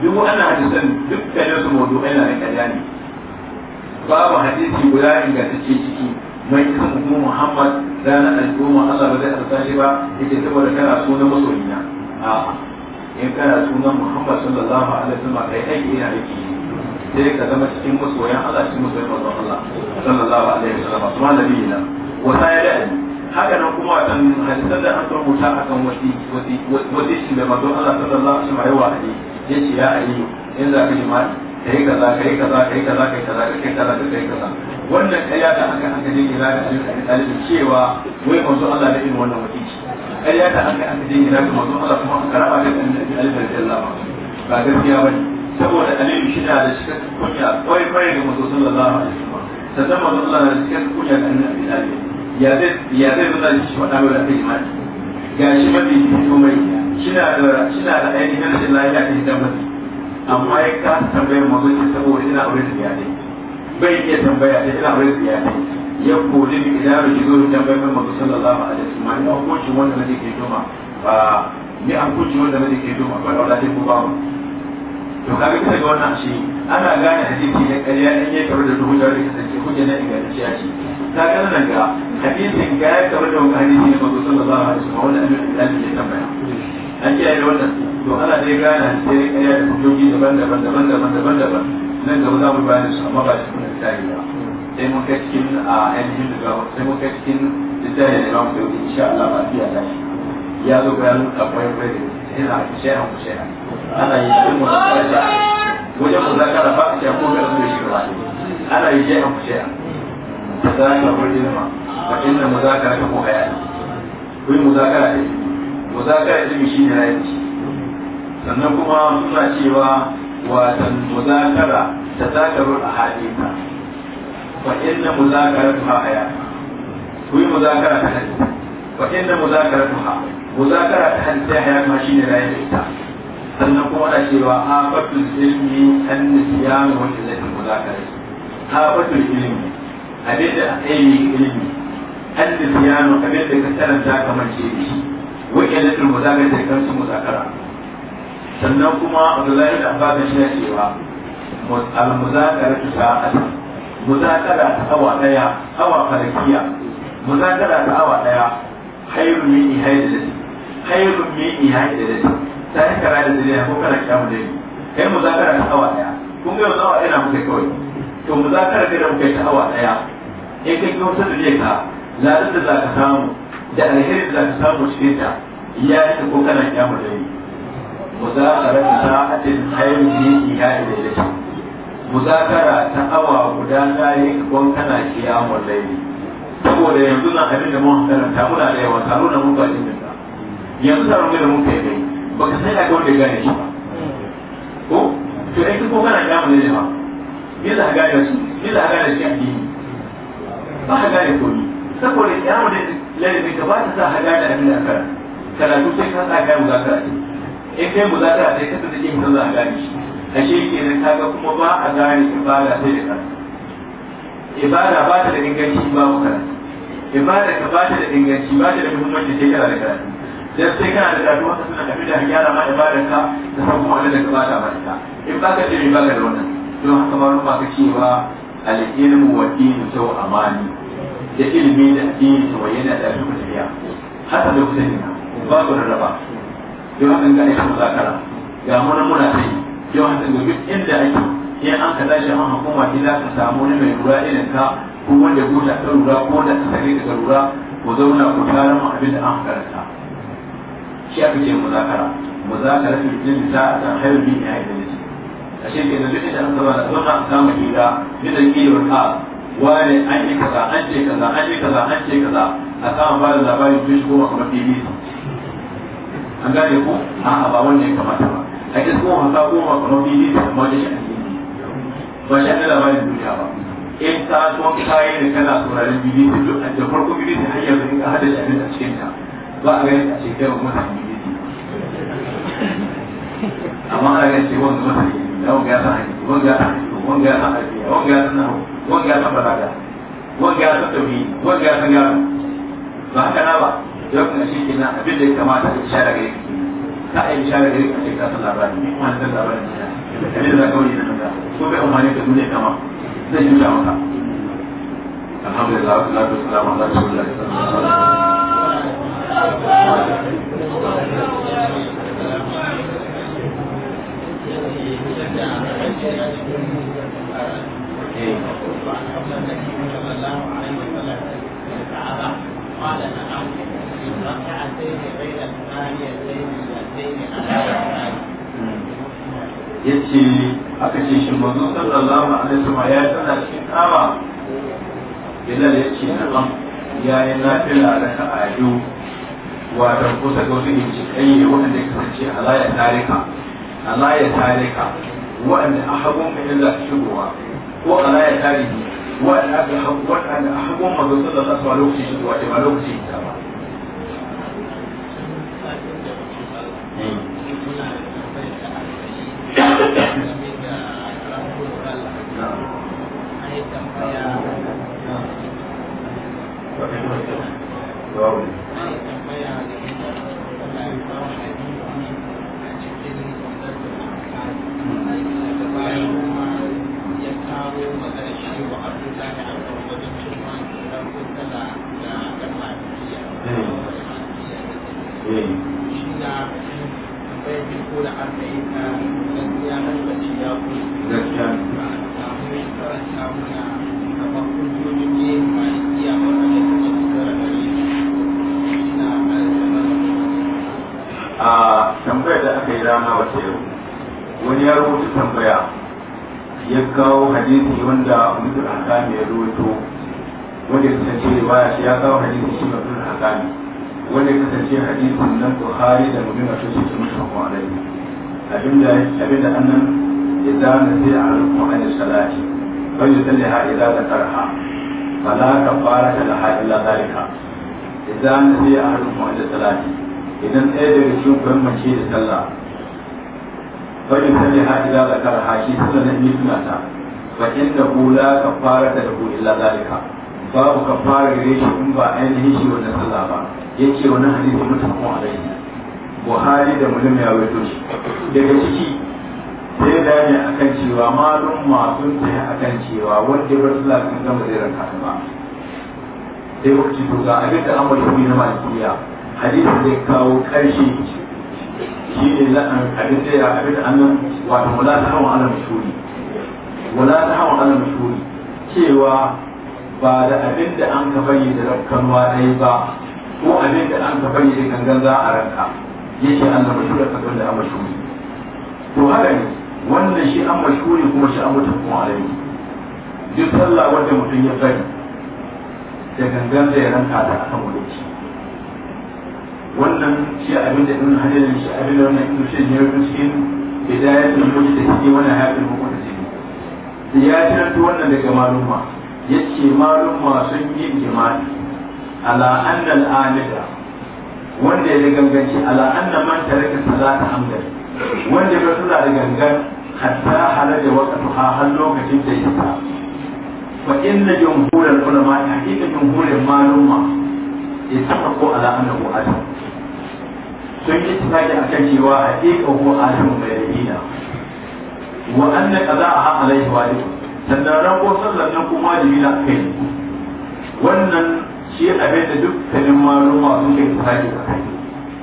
duk wannan hadisan dukkanin su mawdu'ai na da kariya ne babu hadisi guda ingantacce ciki mai kan mu Muhammad ranar al'umma Allah ba zai arsa shi ba yake saboda kana sunan masoyina a'a in kana sunan Muhammad sallallahu alaihi wasallam kai aiki ina aiki sai ka zama cikin masoyan Allah cikin masoyan Allah sallallahu alaihi wasallam haka nan kuma watan hadisan da an ta akan wasi wasi wasi shi da manzon Allah sallallahu alaihi wasallam ya ce ya ayyu in za ka jima'i kai kaza kai kaza kai kaza kai kaza kai kaza kai kaza wannan kariya da aka aka jingina ga alimin cewa wai manzo Allah da irin wannan wakilci kariya da aka aka jingina ga manzo Allah kuma aka raba da alimin sallallahu ba gaskiya bane saboda alimin shida da shi kunya kwai kwai da manzo sallallahu alaihi wasallam sannan manzo Allah da shi kunya da annabi alimin ya zai ya zai zo da shi wada wala kai imani ga shi mafi komai shina da shina da ainihin ya lafiya da hidan amma ya ka tambayar mazo ce saboda ina aure da iyalai bai iya tambaya ta ina aure da iyalai ya koli da ina ya zo da tambayar mai mazo sallallahu alaihi wasallam ina hukunci wanda nake ke doma ba ni an kunci wanda nake ke doma ba da ko ba to kaga kisa ga wannan shi ana gane hadisi na ƙarya in ya karu da jari da kasance hujja na ingantacciya shi ta gane nan ga hadisin ga ya karu da wani hadisi na mazo sallallahu alaihi wasallam wanda annabi ya tambaya an kiyaye da wannan to ana dai gane sai dai kariya da hujjoji daban-daban daban-daban daban-daban nan gaba za mu bayani su amma ba cikin littafi ba sai mun kai cikin a ainihin da gaba sai mun kai cikin littafi da gaba sai insha Allah ba fiya ta shi ya zo bayan akwai bai yana shayar mu shayar ana yi duk mu da wajen mu zakara ba a ko ga da shi ba ana yi shayar shehan ku shehan da zaka gurin ma fa inna muzakara ko hayani kun muzakara ne muzakara ilimi shi ne ce, sannan kuma suna cewa watan muzakara ta zakarun a hadita fa inna muzakara ta haya ku yi muzakara ta hadita fa inna muzakara ta ha muzakara ta hadita haya kuma shi ne rayu ita sannan kuma ana cewa a afatul ilmi an nisiyanu wa illatin muzakara afatul ilmi abinda a ilmi an nisiyanu abinda ka karanta kamar ce shi wa illatul muzakara da kansu muzakara sannan kuma Abdullahi da Abbas ya cewa al-muzakara ta sa'ata muzakara ta awa daya awa farkiya muzakara ta awa daya khairun min ihaidati khairun min ihaidati ta yi kara da dare ko kana kyamu mu ni kai muzakara ta awa daya kun ga zawa awa ɗaya muke kawai to muzakara kai da muke ta awa daya in kai kyautar da ka ladan da za ka samu da alheri da ka samu cikin ta ya yi ko kana kyamu mu yi muzakara ta sa'atin khairu bi iha ilayka muzakara ta awa guda dai kon kana ya mu dai saboda yanzu na abin da mun karanta muna da yawa taro da mun bajin da yanzu taro da mun kai dai ka sai da kawai da gane shi ba ko to ai ko kana ya mu dai ba yadda za ka gane su me za gane shi a ba ka gane ko ni saboda mu dai ka ba ta sa haɗa da abin da aka karatu sai ka sa kai muzakara ce in kai muzakara sai ka tsada yin zan za a gane shi ashe kenan ga kuma ba a gane ibada sai da karatu ibada ba ta da inganci ba mu karatu ibada ka ba ta da inganci ba ta da muhimmanci sai kana da karatu dan sai kana da karatu haka suna tafi da gyara ma ibada ka da san kuma da ka ba ta ba ta in ba ka ce ba ka da wannan don haka ba ruwa ka cewa al-ilmu wa dinu sau amani da ilimi da addini da wayyana da su mutariya haka da kusa ne babu rarraba yau hakan ga aikin zakara ga mun muna sai yau an ga duk inda ake in an ka tashi an hukuma ki za ka samu wani mai lura irin ka ko wanda ko ta lura ko da ta sare daga lura ku zauna ku tara mu abin da an karanta shi aka ce muzakara muzakara fi din ta ta hayri ne a idan ce ashe kenan duk inda an zama da zauna an samu hira da dalilin ka wani an yi kaza an ce kaza an yi kaza an ce kaza a kama ba da labarin tun shi kuma kamar fili an gane ko a'a ba wannan ya kamata ba a kisa kuma hasa kuma kamar fili amma da shi ba shi da labarin duniya ba in ta so ta yi da kana sauraron bidi ta duk da farko bidi ta hanyar da ka hada shi a cikin ta ba a gani a ce kai kuma ta bidi amma ana gani ce wanda mutane da wanga ya sa hanyar wanga ya sa hanyar wanga ya sa hanyar wanga ya sa hanyar wanga ya san balaga wanga ya san wanga ya san ba haka na ba yau kuma shi ke nan abin da ya kamata in isha daga yake ta a isha daga yake a cikin kasar labari ne kuma san labarin ne abin da za ka wani da kanka ko bai amfani da ne kama sai yi maka alhamdulillah wasu lafiya salamu ala rasulullah Thank you. Eh. ya ce aka ce shi manzo sallallahu alaihi wasallam ya tana cikin kama bilal ya ce na'am ya yi nafila da ka ayu wato kusa ga wasu yanci yi wanda ya kasance alaya tarika alaya tarika wanda ahabun ka illa shigowa wakana ya tarihi wa ana ahukun mazo sun da sasuwa lokaci shi zuwa ce ma lokaci ta ba suna tun azami wanda kasance hadisin nan buhari da mutum a cikin sun shafu alaihi abinda abinda annan idza nasiya al-qur'ani salati fa yusalliha idza zakarha fala kafarata laha illa dhalika idza nasiya al-qur'ani salati idan ɗaya daga cikin kuwan mace da sallah fa yusalliha idza zakarha shi sallan ne sunata fa innahu la kafarata lahu illa zalika? babu fara gare shi in ba ainihin shi wannan sallah ba yace wannan hadisi mutafaqun alaihi Buhari da Muslim ya rawaito shi daga ciki sai da ne akan cewa malum masu sai akan cewa wanda bar sallah sun gama zai ranka ba sai wuce to ga abin da amma shi na malikiya hadisi zai kawo karshe shi ne la'an abin da ya abin da annan wato wala ta hawa ala mashuri wala ta hawa ala mashuri cewa ba da abin da an ka bayyana rafkanwa ɗaya ba ko abin da an ka bayyana gangan za a ranka yake Allah mashura kafin da an mashuri to haka ne wannan shi an mashuri kuma shi an mutum kuma alai duk sallah wanda mutum ya bari da gangan da ya ranka ta akan wani wannan shi abin da ɗin hajjar shi abin da wannan ɗin shi ne rufin cikin bidayatul mujtahidi wa nahayatul muqtadi ya tiranto wannan daga maluma yace malum masu yin jima'i ala annal alida wanda ya ganganci ala anna man taraka salata amdan wanda ya sula da gangan hatta halaje waqtu ha har lokacin da isa fa inna jumhur al ulama hakika jumhur jumhurul maluma ittafaqu ala anna hu adam sun yi tsaki akan cewa hakika hu adam mai rahina wa anna qada'a alaihi wa alihi sannan ko sallar nan kuma wajibi na kai wannan shi abin da dukkanin maluma sun kai fahari a kai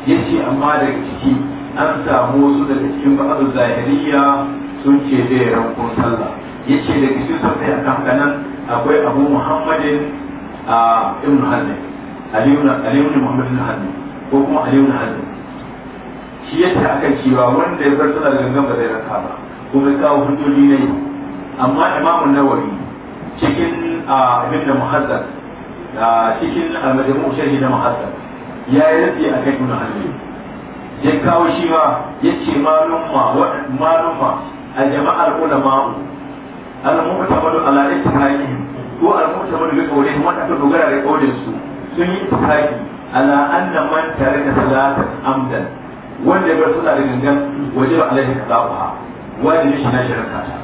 ya ce amma daga ciki an samu wasu daga cikin ba'adu zahiriya sun ce zai ko sallah ya ce daga sun sassai a kan akwai abu muhammadin a ibn hannu aliyu muhammadin hannu ko kuma aliyu hannu shi ya yadda aka cewa wanda ya bar sallar gangan ba zai raka ba kuma kawo hujjoji ne amma imamu nawawi cikin abin da muhazzar cikin almajamu sharhi na muhazzar ya yi rufi a kai ibn hazmi ya kawo shi ma ya ce malumma ma a jama'ar ulama'u al-mu'tamadu ala ittifaqihim ko al-mu'tamadu bi qawlihim wanda aka dogara da qawlin su sun yi ittifaqi ala anna man tare da salatan amdan wanda ya bar suna da gangan waje ba alaihi qada'uha wajibi shi na shirka ta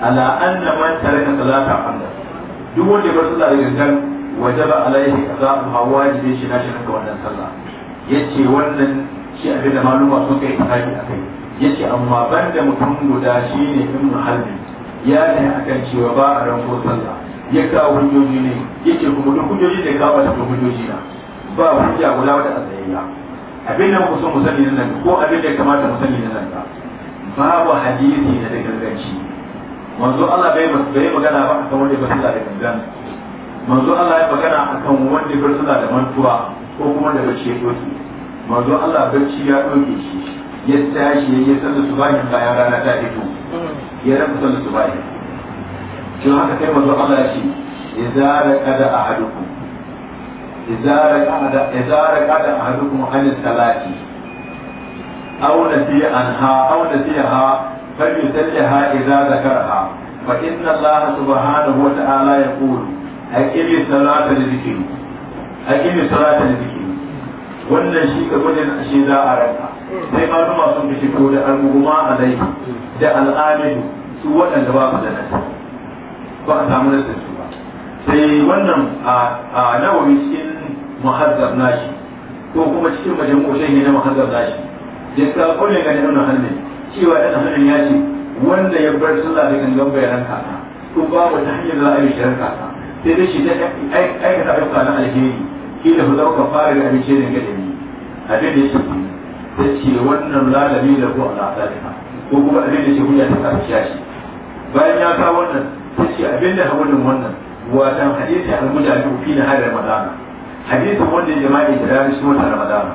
ala anna man taraka salata amda duk wanda ya bar sallah da gangan wajaba alaihi qada'u hawajibi shi na shi ga wannan sallah yace wannan shi abin da maluma sun kai tsaki akai yace amma banda mutum guda shine ibn halbi ya ne akan cewa ba a ranko sallah ya kawo hujjoji ne yake kuma duk hujjoji da kawo da hujjoji na ba hujja guda wata mu sani nan ko kamata mu sani nan babu hadisi na da ganganci manzo Allah bai bai magana ba akan wanda bai fasila da gidan manzo Allah ya magana akan wanda bai fasila da mantuwa ko kuma da bai ce doki manzo Allah bacci ya doke shi ya tashi ya sallar subahin bayan rana ta fito ya rabu sallar subahin kin haka kai manzo Allah shi idza raqada ahadukum idza raqada idza raqada ahadukum an salati aw nasiya anha aw nasiyaha فليسلها إذا ذكرها فإن الله سبحانه وتعالى يقول أكل صلاة لذكر أكل صلاة لذكر wannan shi ka gudun shi za a ranka sai ma zuma sun fi fito da al'umma muguma alai da al su waɗanda ba su da nasa ba a samu nasa su ba sai wannan a nawawi cikin muhazzab nashi ko kuma cikin majamu shahi na muhazzab nashi da ka kone ga ibn hanbali cewa da hannun ya ce wanda ya bar sallah da kan gamba ya kasa ko ba wa ta hanyar za a yi shirar kasa, sai da shi ta aikata ayyuka na alheri da ku ka fara da abin shirin ga dani abin da yake ta ce wannan lalami da ko ala salika ko kuma abin da ce hujja ta kasa shi bayan ya sa wannan ta ce abin da hawalin wannan watan hadisi al-mujahid fi na hadar madana hadisin wanda jama'i da ranar shi wata ramadana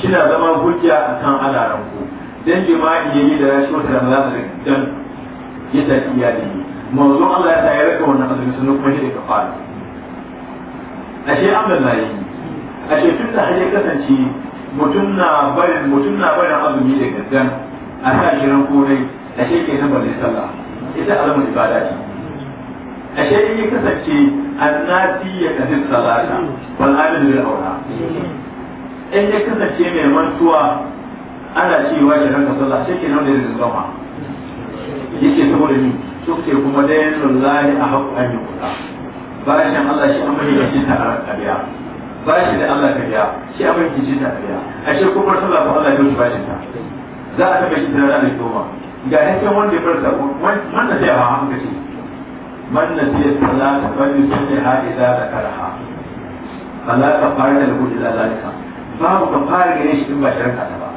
shi na zama hujja kan alaran ko dan jima'i yi da ya shi wata Ramadan da dan ya ta iyali manzo Allah ya sa ya raka wannan azumi sunan kuma shi da fara. ashe Allah na yi ashe tun da hajji kasance mutum na barin mutum na barin azumi da gaddan a sa shi ran kodai ashe ke nan balle sallah ita alamun ibada ce ashe in ya kasance annati ya kasin salata wal amin bil aura in ya kasance mai mantuwa ana cewa ya ranka sallah sai ke nan da yanzu zama yake saboda ni su kuma da yanzu lahi a haƙu an yi kuɗa bashin Allah shi an mai gaji ta a biya bashi da Allah ka biya shi an mai gaji ta a biya a shi kuma sallah ko Allah ya wuce shi ta za a taɓa shi da ranar goma ga hakken wanda ya farsa wanda sai a hankali man nasiya salata bal yusalliha idza zakaraha Allah ka fara da gudu da zalika babu ka fara gare shi in ba shirka ta ba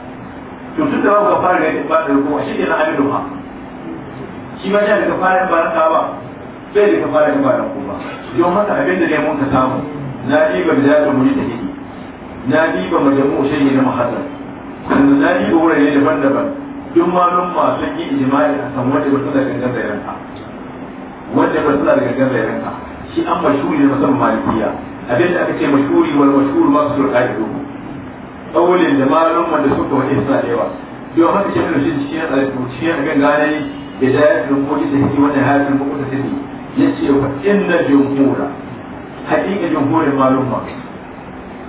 to tun da babu gafara ga ba da rubuwa shi ne na abin ruwa shi ma yana da gafara ba ta ba bai da fara ba da kuma don haka abin da ne mun ka samu na ba da da muri da hidi na ba diba majamu shi ne na mahadar sannan na diba wurare daban-daban duk malum masu yi ijma'i a san wanda ba su suna gangan da ranka wanda ba su da gangan da ranka shi an mashuri na musamman malikiya abin da aka ce mashuri wal mashuri ma su da ka'idu kaulin da malum wanda su kuma ne suna daewa yawa haka ke nuna shi cikin alƙalƙu cikin ganga ne da jayafin ko ita hiki wani haifin ko ita hiki ya ce wa inda jumhura haƙiƙa jumhurin malum ma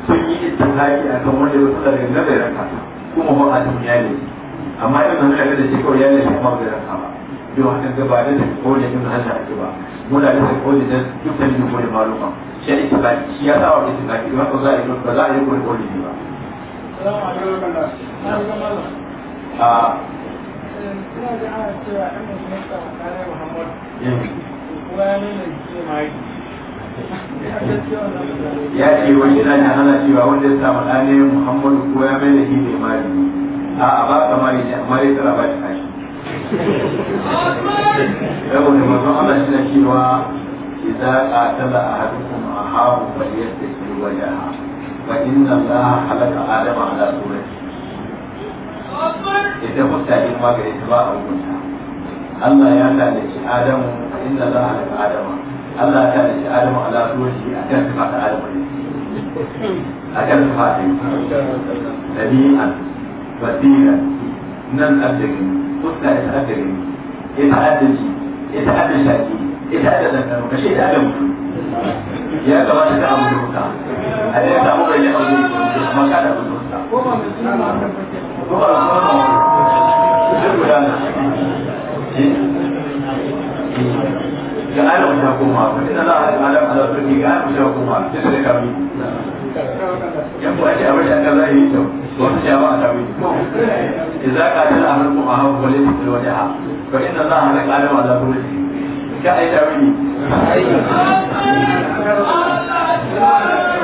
sun yi ita haƙi a kan wanda ya tsara daga gaba ka kuma ba a tun yale amma in mun da shi kawai ya ne shi kuma da ranka ba don haka gaba da da kaulin yin hajar ake ba muna da kaulin da dukkan jumhurin malum ma shi ba shi ya sa wa ita ba haka ba za a yi kaulin ba ya ce wani na ya hana cewa wanda ya samu ɗane muhammadu ko ya mai da shi ne mari a a ba ka mari ne amma ya tsara ba shi kashi yau ne mazan ana shi na cewa idan a tala a haɗu kuma a hawa ba ya tsaye wajen فإن الله خلق آدم على صورته ita mutane ma gare ta ba a hukunta Allah ya tanaci Adamu fa inna Allah halaka Adama Allah ya tanaci Adamu ala surati akan sifa ta Adamu ne akan sifa ta dabi'an basiran nan addini kusa ita addini ita addini ita addini shaki ita da ya kamata ka Ale ya samu gari a wani da kuma kada ku zuwa ko ba mu suna ba ba na ga ala mu ta koma ko a la ala ala to ga mu ta koma da da ka ya ko ai abin da Allah yi to ko ta ba ta bi ko idza ka ta amru ma ha wala ta wada ha fa inna Allah ala ala ala to ka ai ta bi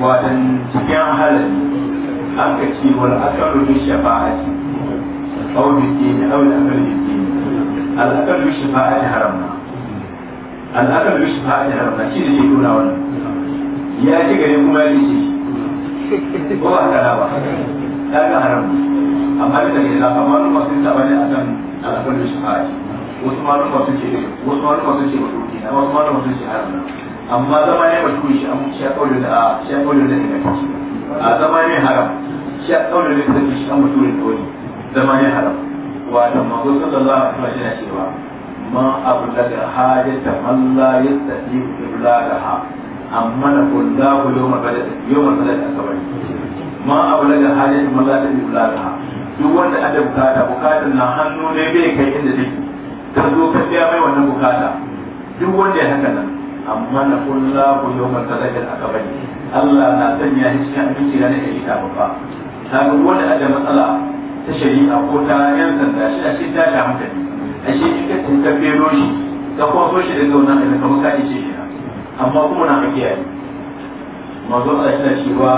wadan cikin halin an ka ce wal akalu bi shafa'ati aw bi dini aw al akalu bi dini al akalu haram na haramna al akalu bi shafa'ati haramna shi ne ke dora wannan ya ci gari kuma ya ci ko ba kana ba ga haram amma da ne za ka malu masu tabani akan al akalu bi shafa'ati wasu ma malu masu ce wasu ma malu masu ce wasu ma malu masu ce haram na. amma zama ne mutum shi an shi kaulin da shi kaulin da ne a zama ne haram shi kaulin da ne shi an mutum da wani zama ne haram wa da manzo sallallahu alaihi wasallam yana cewa ma abu ablaga hajata man la yastati iblagaha amma na kullahu yawma bada yawma bada akabar ma abu ablaga hajata man la yastati iblagaha duk wanda ada bukata bukatar na hannu ne bai kai inda take ka zo ka biya mai wannan bukata duk wanda ya haka nan amma na kulla ku yau matalajar a kabari Allah na sanya shi cikin abinci na nake yi babba ta ga wani a matsala ta shari'a ko ta yan sanda shi a cikin tashi hankali a shi in ka tunta fero shi ka kwaso shi daga wannan abin kamar ka ce shi amma kuma na ake yi mazo Allah yana cewa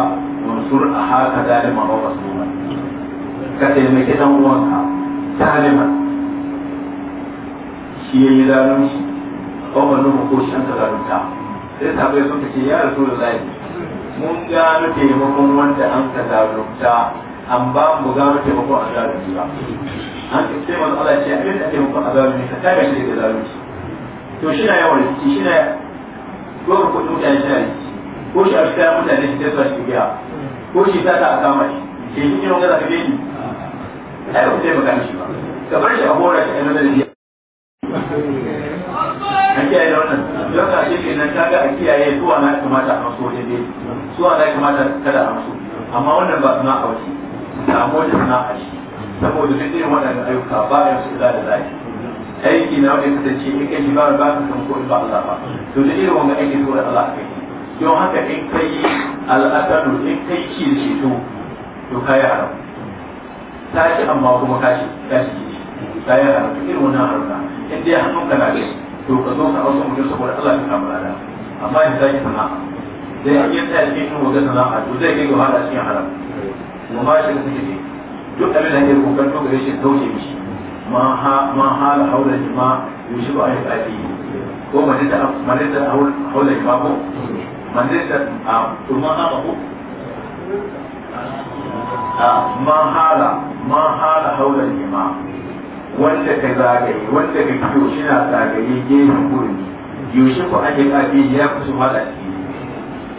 mansur a haka zalima ba wasu ka taimaki dan uwanka zaliman shi ya yi zalunci ban nuhu ko shan ka zarunta sai ta bai suka ce ya zai mun gano taimakon wanda an ka zarunta an ba mu gano taimakon a zalunci ba an ce sai manzo Allah ce yi da taimakon a zalunci ka kare shi daga zalunci to shi na yawan rikici shi na yawan kudin mutane shi na rikici ko shi a cikin mutane shi tsaye shi biya ko shi ta ta a kama shi ke shi kiran gaza ka ni ai ba ku taimaka shi ba ka bar shi a hora shi a nan da an kiyaye da wannan don ka ce kenan kaga a kiyaye zuwa na kamata a so daidai zuwa na kamata kada a so amma wannan ba suna a wace samu wata suna a shi saboda duk irin waɗannan ayyuka ba ya su da zaki aiki na wanda kasance in kai shi ba ba ka san ko ba Allah ba to duk irin wannan aiki da Allah kai Yau haka in kai al'adadu in kai ci da shi to to kai haram tashi amma kuma shi kashi kashi kayan haram irin wannan haruka in hannun hannunka na kai to ka zo ka wasu mu saboda Allah ya samu lada amma in zaki sana'a dai a yin tsaya cikin wata sana'a to zai kai gaba da cikin haram mu ma shi kuke ne duk abin da yake kokar to gare shi dauke mishi ma ha ma hala haula jima yushi ba ya kafi ko mace da mace da haula jima ko mace da a kuma na ba ko ma hala ma hala haula jama'a. wanda ka zagaye wanda ka kiyo shi na zagaye gefe gurin yaushe ku an yi ƙafi ya kusa malaki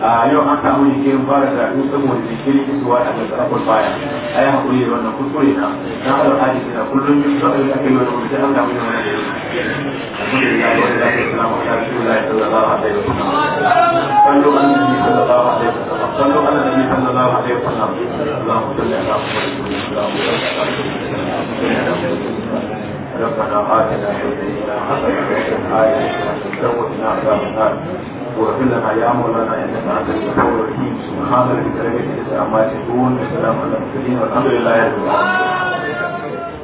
a yau an samu jikirin fara karatu saboda jikirin isuwa da aka tsarafar baya a yi haƙuri da wannan kuskure na na haɗar hajji suna kullum yin sa'ar da aka yi wani da ake suna mata shi wula ya sallallahu alaihi wa sallam sallu ala nabi sallallahu alaihi wa sallam sallu ala nabi sallallahu alaihi wa sallam wa ربنا آتنا في الدنيا حسنة وفي الآخرة حسنة وقنا عذاب النار وكل ما يامر لنا انك انت الغفور الرحيم سبحانه وتعالى رب العزه عما على المرسلين والحمد لله رب العالمين